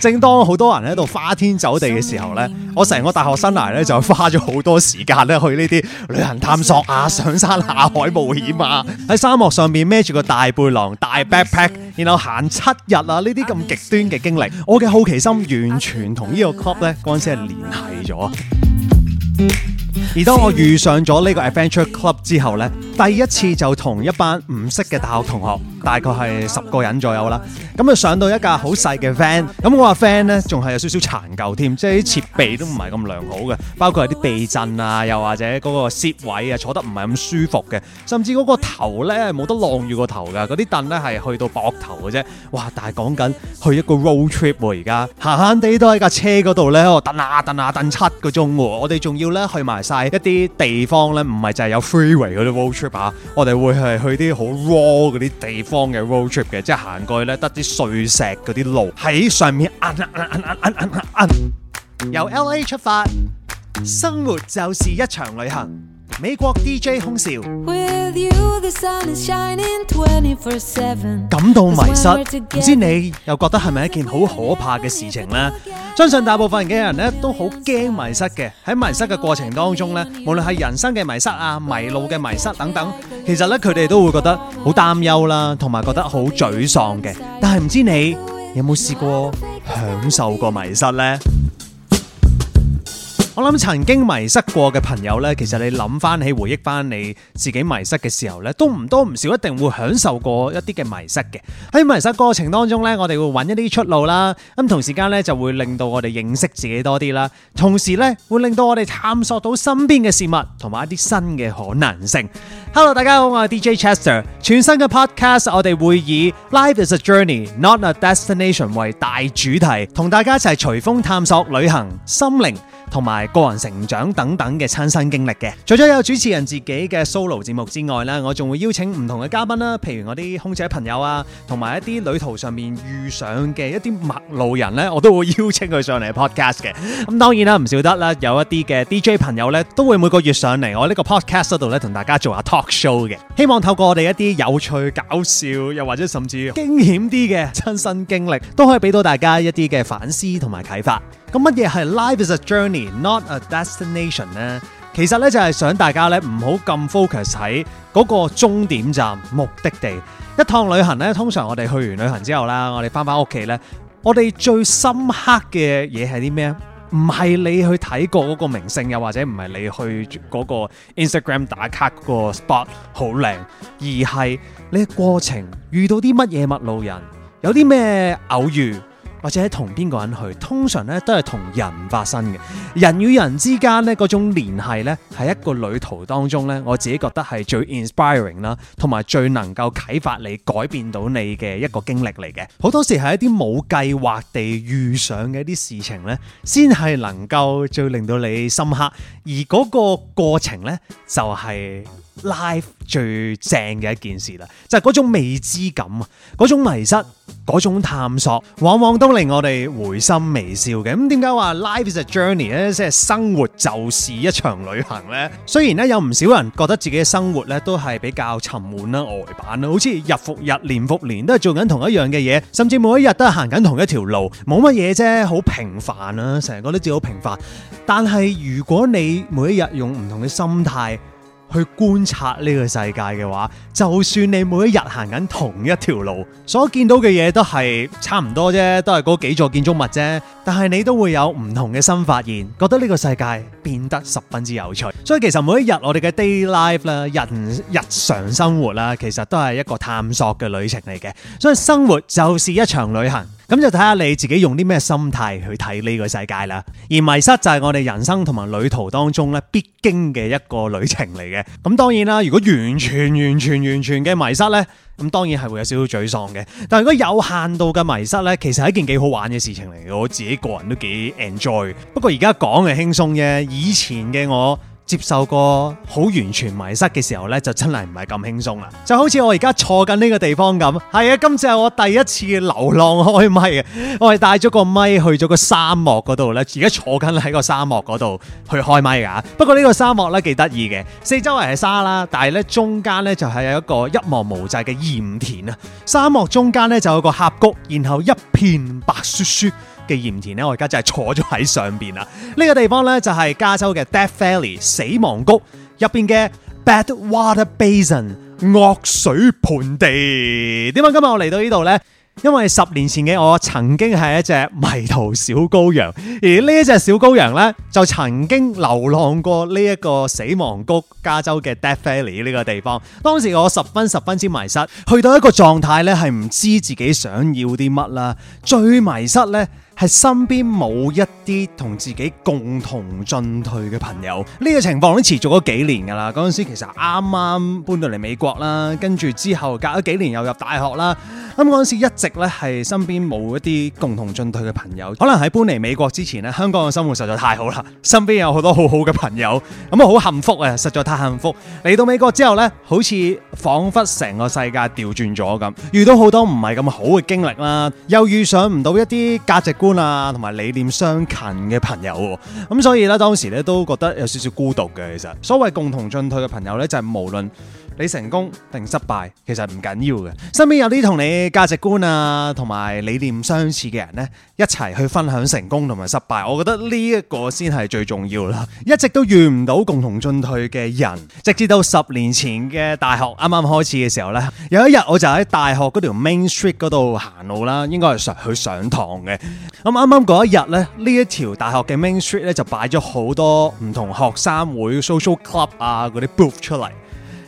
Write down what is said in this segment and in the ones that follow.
正當好多人喺度花天酒地嘅時候呢，我成個大學生涯呢，就花咗好多時間咧去呢啲旅行探索啊，上山下海冒險啊，喺沙漠上面孭住個大背囊、大 backpack，然後行七日啊，呢啲咁極端嘅經歷，我嘅好奇心完全同呢個 club 呢嗰陣時係聯繫咗。而當我遇上咗呢個 adventure club 之後呢，第一次就同一班唔識嘅大學同學。大概係十個人左右啦，咁啊上到一架好細嘅 van，咁我話 van 呢仲係有少少殘舊添，即係啲設備都唔係咁良好嘅，包括係啲避震啊，又或者嗰個設位啊，坐得唔係咁舒服嘅，甚至嗰個頭呢冇得晾住個頭噶，嗰啲凳呢係去到膊頭嘅啫，哇！但係講緊去一個 road trip 喎，啊，而家閒閒地都喺架車嗰度呢度，等下等下等七個鐘，啊，我哋仲要呢去埋晒一啲地方呢，唔係就係有 freeway 嗰啲 road trip 啊，我哋會係去啲好 raw 嗰啲地方。.方嘅 road trip 嘅，即係行過去咧，得啲碎石嗰啲路，喺上面，由 LA 出發，生活就是一場旅行。美國 DJ 空少感到迷失，唔知你又覺得係咪一件好可怕嘅事情呢？相信大部分嘅人咧都好驚迷失嘅。喺迷失嘅過程當中咧，無論係人生嘅迷失啊、迷路嘅迷失等等，其實咧佢哋都會覺得好擔憂啦，同埋覺得好沮喪嘅。但係唔知你有冇試過享受過迷失呢？我諗曾經迷失過嘅朋友呢，其實你諗翻起回憶翻你自己迷失嘅時候呢，都唔多唔少一定會享受過一啲嘅迷失嘅。喺迷失過程當中呢，我哋會揾一啲出路啦。咁同時間呢，就會令到我哋認識自己多啲啦，同時呢，會令到我哋探索到身邊嘅事物同埋一啲新嘅可能性。Hello，大家好，我係 DJ Chester 全新嘅 Podcast，我哋會以 Life is a journey, not a destination 為大主題，同大家一齊隨風探索、旅行心靈。同埋個人成長等等嘅親身經歷嘅，除咗有主持人自己嘅 solo 節目之外呢，我仲會邀請唔同嘅嘉賓啦、啊，譬如我啲空姐朋友啊，同埋一啲旅途上面遇上嘅一啲陌路人呢，我都會邀請佢上嚟 podcast 嘅。咁、嗯、當然啦，唔少得啦，有一啲嘅 DJ 朋友呢，都會每個月上嚟我呢個 podcast 度呢，同大家做下 talk show 嘅。希望透過我哋一啲有趣、搞笑，又或者甚至驚險啲嘅親身經歷，都可以俾到大家一啲嘅反思同埋啟發。咁乜嘢係 Life is a journey, not a destination 呢？其實呢，就係想大家呢唔好咁 focus 喺嗰個終點站、目的地。一趟旅行呢，通常我哋去完旅行之後啦，我哋翻翻屋企呢，我哋最深刻嘅嘢係啲咩？唔係你去睇過嗰個名勝，又或者唔係你去嗰個 Instagram 打卡嗰個 spot 好靚，而係你嘅過程遇到啲乜嘢陌路人，有啲咩偶遇。或者同邊個人去，通常呢都係同人發生嘅，人與人之間呢，嗰種聯繫呢，喺一個旅途當中呢，我自己覺得係最 inspiring 啦，同埋最能夠啟發你改變到你嘅一個經歷嚟嘅。好多時係一啲冇計劃地遇上嘅一啲事情呢，先係能夠最令到你深刻，而嗰個過程呢，就係，就係。life 最正嘅一件事啦，就係嗰種未知感啊，嗰種迷失，嗰種探索，往往都令我哋回心微笑嘅。咁點解話 life is a journey 咧，即係生活就是一場旅行咧？雖然咧有唔少人覺得自己嘅生活咧都係比較沉悶啦、呆板啦，好似日復日、年復年都係做緊同一樣嘅嘢，甚至每一日都係行緊同一條路，冇乜嘢啫，好平凡啊，成日覺得自己好平凡。但係如果你每一日用唔同嘅心態，去觀察呢個世界嘅話，就算你每一日行緊同一條路，所見到嘅嘢都係差唔多啫，都係嗰幾座建築物啫。但係你都會有唔同嘅新發現，覺得呢個世界變得十分之有趣。所以其實每一日我哋嘅 day life 啦，日日常生活啦，其實都係一個探索嘅旅程嚟嘅。所以生活就是一場旅行。咁就睇下你自己用啲咩心態去睇呢個世界啦。而迷失就係我哋人生同埋旅途當中咧必經嘅一個旅程嚟嘅。咁當然啦，如果完全完全完全嘅迷失呢，咁當然係會有少少沮喪嘅。但係如果有限度嘅迷失呢，其實係一件幾好玩嘅事情嚟嘅。我自己個人都幾 enjoy。不過而家講嘅輕鬆啫。以前嘅我。接受過好完全迷失嘅時候呢，就真係唔係咁輕鬆啦。就好似我而家坐緊呢個地方咁，係啊，今次係我第一次流浪開咪嘅，我係帶咗個咪去咗個沙漠嗰度呢，而家坐緊喺個沙漠嗰度去開咪㗎！不過呢個沙漠呢，幾得意嘅，四周圍係沙啦，但係呢中間呢，就係有一個一望無際嘅鹽田啊！沙漠中間呢，就有個峽谷，然後一片白雪雪。嘅鹽田咧，我而家就係坐咗喺上邊啦。呢個地方呢，就係加州嘅 Death Valley 死亡谷入邊嘅 Bad Water Basin 惡水盆地。點解今日我嚟到呢度呢？因為十年前嘅我曾經係一隻迷途小羔羊，而呢一隻小羔羊呢，就曾經流浪過呢一個死亡谷加州嘅 Death Valley 呢個地方。當時我十分十分之迷失，去到一個狀態呢，係唔知自己想要啲乜啦，最迷失呢。係身邊冇一啲同自己共同進退嘅朋友，呢個情況都持續咗幾年噶啦。嗰陣時其實啱啱搬到嚟美國啦，跟住之後隔咗幾年又入大學啦。咁嗰陣時一直呢係身邊冇一啲共同進退嘅朋友。可能喺搬嚟美國之前呢，香港嘅生活實在太好啦，身邊有好多好好嘅朋友，咁啊好幸福啊，實在太幸福。嚟到美國之後呢，好似仿佛成個世界調轉咗咁，遇到好多唔係咁好嘅經歷啦，又遇上唔到一啲價值觀。同埋理念相近嘅朋友咁、嗯、所以呢，當時呢都覺得有少少孤獨嘅。其實所謂共同進退嘅朋友呢，就係、是、無論，你成功定失敗，其實唔緊要嘅。身邊有啲同你價值觀啊，同埋理念相似嘅人呢，一齊去分享成功同埋失敗，我覺得呢一個先係最重要啦。一直都遇唔到共同進退嘅人，直至到十年前嘅大學啱啱開始嘅時候呢，有一日我就喺大學嗰條 Main Street 嗰度行路啦，應該係上去上堂嘅。咁啱啱嗰一日呢，呢一條大學嘅 Main Street 呢，就擺咗好多唔同學生會、social club 啊嗰啲 booth 出嚟。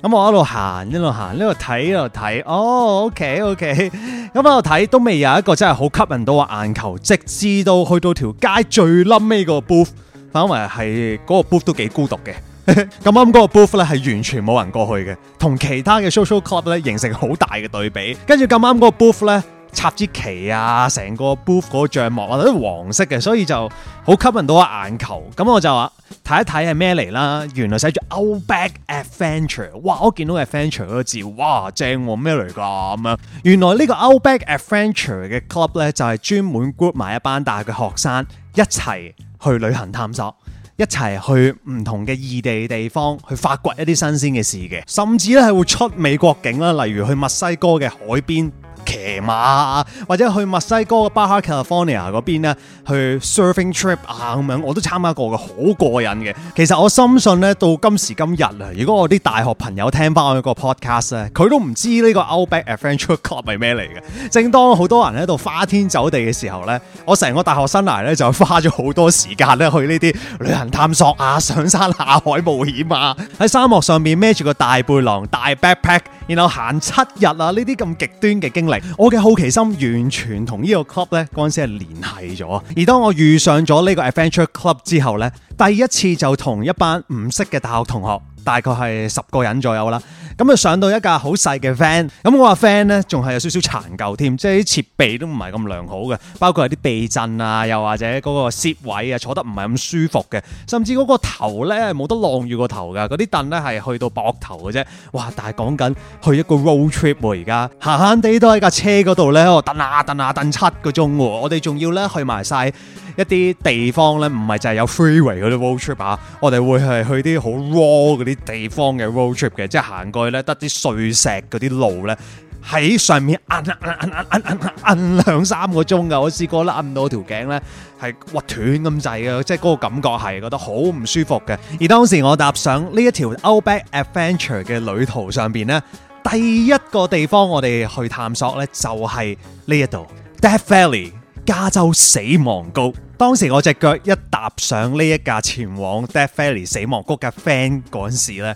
咁、嗯、我一路行，一路行，一路睇，一路睇。哦，OK，OK。咁喺度睇都未有一個真係好吸引到我眼球，直至到去到條街最冧呢個 booth，反為係嗰個 booth 都幾孤獨嘅。咁啱嗰個 booth 咧係完全冇人過去嘅，同其他嘅 social club 咧形成好大嘅對比。跟住咁啱嗰個 booth 咧。插支旗啊！成個 booth 個帳幕，啊，都黃色嘅，所以就好吸引到個眼球。咁我就話睇一睇係咩嚟啦。原來寫住 Outback Adventure，哇！我見到 Adventure 嗰個字，哇，正喎、啊，咩嚟噶咁啊？原來個呢個 Outback Adventure 嘅 club 咧，就係、是、專門 group 埋一班大學嘅學生一齊去旅行探索，一齊去唔同嘅異地地方去發掘一啲新鮮嘅事嘅，甚至咧係會出美國境啦，例如去墨西哥嘅海邊。騎馬啊，或者去墨西哥嘅巴哈卡洛尼亞嗰邊咧，去 surfing trip 啊咁樣，我都參加過嘅，好過癮嘅。其實我深信咧，到今時今日啊，如果我啲大學朋友聽翻我一個 podcast 咧，佢都唔知呢個 Outback Adventure Club 係咩嚟嘅。正當好多人喺度花天酒地嘅時候咧，我成個大學生涯咧就花咗好多時間咧去呢啲旅行探索啊，上山下海冒險啊，喺沙漠上面孭住個大背囊、大 backpack。然後行七日啊！呢啲咁極端嘅經歷，我嘅好奇心完全同呢個 club 咧，嗰陣時係聯繫咗。而當我遇上咗呢個 adventure club 之後咧，第一次就同一班唔識嘅大學同學。大概係十個人左右啦，咁啊上到一架好細嘅 van，咁我話 van 呢仲係有少少殘舊添，即係啲設備都唔係咁良好嘅，包括係啲避震啊，又或者嗰個設位啊坐得唔係咁舒服嘅，甚至嗰個頭呢冇得晾住個頭噶，嗰啲凳呢係去到膊頭嘅啫。哇！但係講緊去一個 road trip 喎，而家閒閒地都喺架車嗰度呢，度蹬下蹬下蹬七個鐘喎，我哋仲要呢去埋晒。一啲地方咧，唔係就係有 freeway 嗰啲 road trip 啊。我哋會係去啲好 raw 嗰啲地方嘅 road trip 嘅，即係行過去咧得啲碎石嗰啲路咧，喺上面摁按按，按，按，按，按兩三個鐘嘅，我試過啦，摁到條頸咧係屈斷咁滯嘅，即係嗰個感覺係覺得好唔舒服嘅。而當時我踏上呢一條 Outback Adventure 嘅旅途上邊咧，第一個地方我哋去探索咧就係呢一度 Death Valley。加州死亡谷，當時我隻腳一踏上呢一架前往 Death Valley 死亡谷嘅飛，嗰陣時咧。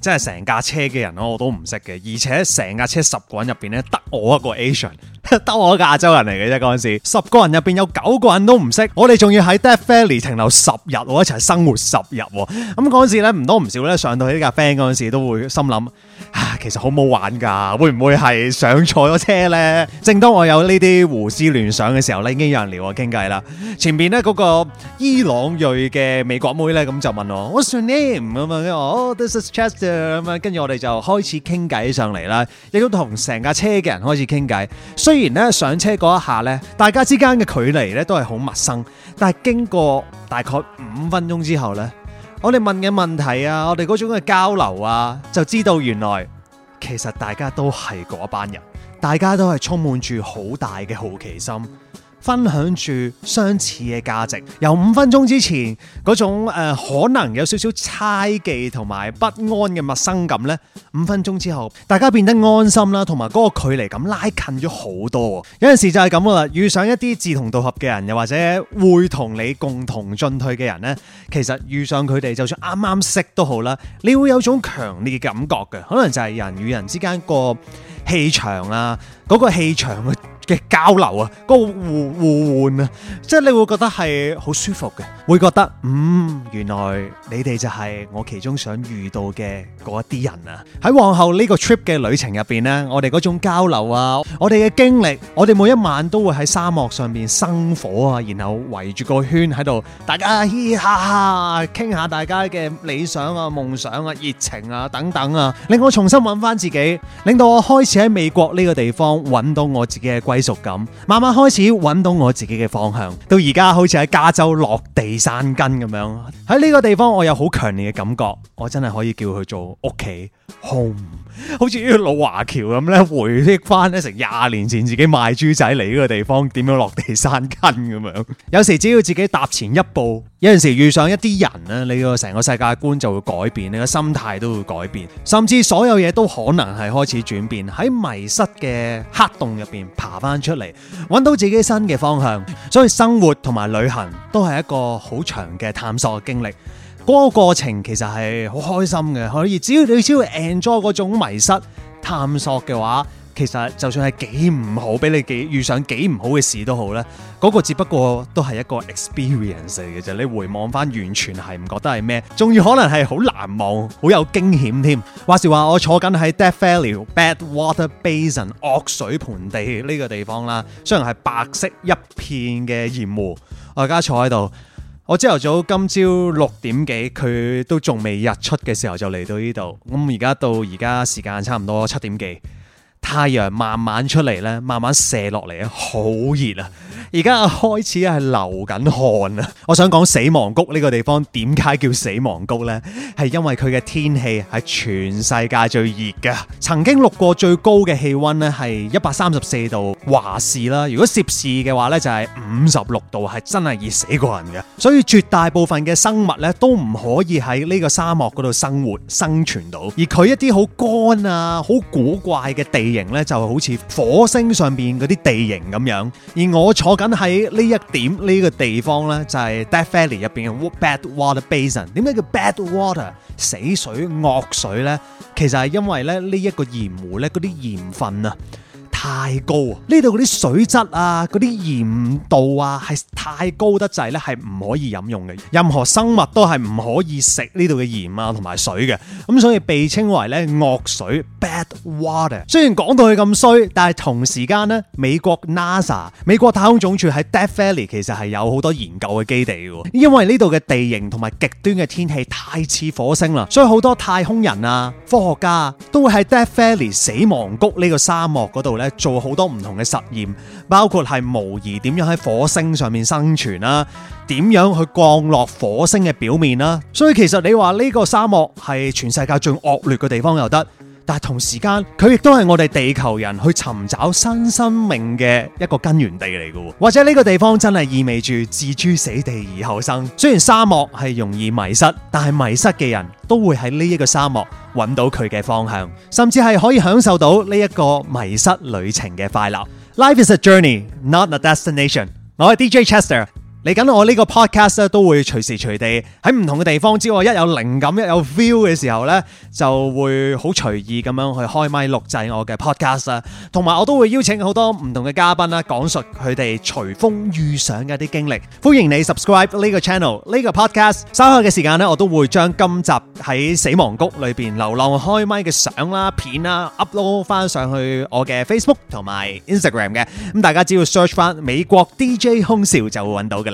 真係成架車嘅人咯、啊，我都唔識嘅。而且成架車十個人入邊咧，得我一個 Asian，得我一個亞洲人嚟嘅啫。嗰陣時，十個人入邊有九個人都唔識。我哋仲要喺 Death Valley 停留十日，我一齊生活十日、啊。咁嗰陣時咧，唔多唔少咧，上到去呢架 van 嗰陣時，都會心諗啊，其實好冇玩噶，會唔會係上錯咗車咧？正當我有呢啲胡思亂想嘅時候咧，已經有人撩我傾偈啦。前邊咧嗰個伊朗裔嘅美國妹咧，咁就問我 What's your name？咁啊，oh, 咁啊，跟住我哋就開始傾偈上嚟啦，亦都同成架車嘅人開始傾偈。雖然咧上車嗰一下呢，大家之間嘅距離咧都係好陌生，但係經過大概五分鐘之後呢，我哋問嘅問題啊，我哋嗰種嘅交流啊，就知道原來其實大家都係嗰班人，大家都係充滿住好大嘅好奇心。分享住相似嘅價值，由五分鐘之前嗰種誒、呃、可能有少少猜忌同埋不安嘅陌生感咧，五分鐘之後大家變得安心啦，同埋嗰個距離感拉近咗好多。有陣時就係咁噶啦，遇上一啲志同道合嘅人，又或者會同你共同進退嘅人咧，其實遇上佢哋，就算啱啱識都好啦，你會有種強烈嘅感覺嘅，可能就係人與人之間個氣場啊，嗰、嗰個氣場。嘅交流啊，個互互換啊，即係你會覺得係好舒服嘅，會覺得嗯，原來你哋就係我其中想遇到嘅一啲人啊！喺往後呢個 trip 嘅旅程入邊咧，我哋嗰種交流啊，我哋嘅經歷，我哋每一晚都會喺沙漠上面生火啊，然後圍住個圈喺度，大家嘻嘻哈哈，傾下大家嘅理想啊、夢想啊、熱情啊等等啊，令我重新揾翻自己，令到我開始喺美國呢個地方揾到我自己嘅歸屬感，慢慢開始揾到我自己嘅方向，到而家好似喺加州落地生根咁樣。喺呢個地方，我有好強烈嘅感覺，我真係可以叫佢做屋企。Home, 好似啲老華僑咁咧，回憶翻咧成廿年前自己賣豬仔嚟，呢個地方，點樣落地生根咁樣。 有時只要自己踏前一步，有陣時遇上一啲人呢，你個成個世界觀就會改變，你個心態都會改變，甚至所有嘢都可能係開始轉變。喺迷失嘅黑洞入邊爬翻出嚟，揾到自己新嘅方向。所以生活同埋旅行都係一個好長嘅探索嘅經歷。嗰個過程其實係好開心嘅，可以只要你只要 enjoy 嗰種迷失探索嘅話，其實就算係幾唔好，俾你幾遇上幾唔好嘅事都好啦。嗰個只不過都係一個 experience 嚟嘅啫。你回望翻，完全係唔覺得係咩，仲要可能係好難忘、好有驚險添。話時話我在坐緊喺 Death Valley、Bad Water Basin、惡水盆地呢個地方啦，雖然係白色一片嘅鹽湖，我而家坐喺度。我朝頭早上今朝六點幾，佢都仲未日出嘅時候就嚟到呢度。咁而家到而家時間差唔多七點幾。太陽慢慢出嚟咧，慢慢射落嚟啊，好熱啊！而家開始係流緊汗啊！ 我想講死亡谷呢個地方點解叫死亡谷呢？係因為佢嘅天氣係全世界最熱嘅，曾經錄過最高嘅氣溫呢係一百三十四度華氏啦，如果攝氏嘅話呢，就係五十六度，係真係熱死過人嘅。所以絕大部分嘅生物呢都唔可以喺呢個沙漠嗰度生活生存到，而佢一啲好乾啊、好古怪嘅地，型咧，就好似火星上邊嗰啲地形咁樣，而我坐緊喺呢一點呢個地方咧，就係 Death Valley 入邊嘅 Bad Water Basin。點解叫 Bad Water？死水、惡水咧？其實係因為咧，呢一個鹽湖咧，嗰啲鹽分啊。太高啊！呢度啲水質啊、嗰啲鹽度啊，係太高得滯咧，係唔可以飲用嘅。任何生物都係唔可以食呢度嘅鹽啊同埋水嘅，咁、嗯、所以被稱為呢「惡水」（bad water）。雖然講到佢咁衰，但係同時間呢，美國 NASA 美國太空總署喺 Death Valley 其實係有好多研究嘅基地喎，因為呢度嘅地形同埋極端嘅天氣太似火星啦，所以好多太空人啊、科學家、啊、都會喺 Death Valley 死亡谷呢個沙漠嗰度咧，做好多唔同嘅實驗，包括係模擬點樣喺火星上面生存啦，點樣去降落火星嘅表面啦。所以其實你話呢個沙漠係全世界最惡劣嘅地方又得。但同時間，佢亦都係我哋地球人去尋找新生命嘅一個根源地嚟嘅，或者呢個地方真係意味住置諸死地而後生。雖然沙漠係容易迷失，但係迷失嘅人都會喺呢一個沙漠揾到佢嘅方向，甚至係可以享受到呢一個迷失旅程嘅快樂。Life is a journey, not a destination。我係 DJ Chester。嚟緊，我呢個 podcast 咧都會隨時隨地喺唔同嘅地方只要我，一有靈感、一有 feel 嘅時候咧，就會好隨意咁樣去開麥錄製我嘅 podcast 啦。同埋，我都會邀請好多唔同嘅嘉賓啦，講述佢哋隨風遇上嘅一啲經歷。歡迎你 subscribe 呢個 channel，呢個 podcast。稍後嘅時間咧，我都會將今集喺死亡谷裏邊流浪開麥嘅相啦、片啦 upload 翻上去我嘅 Facebook 同埋 Instagram 嘅。咁大家只要 search 翻美國 DJ 空少就會揾到嘅。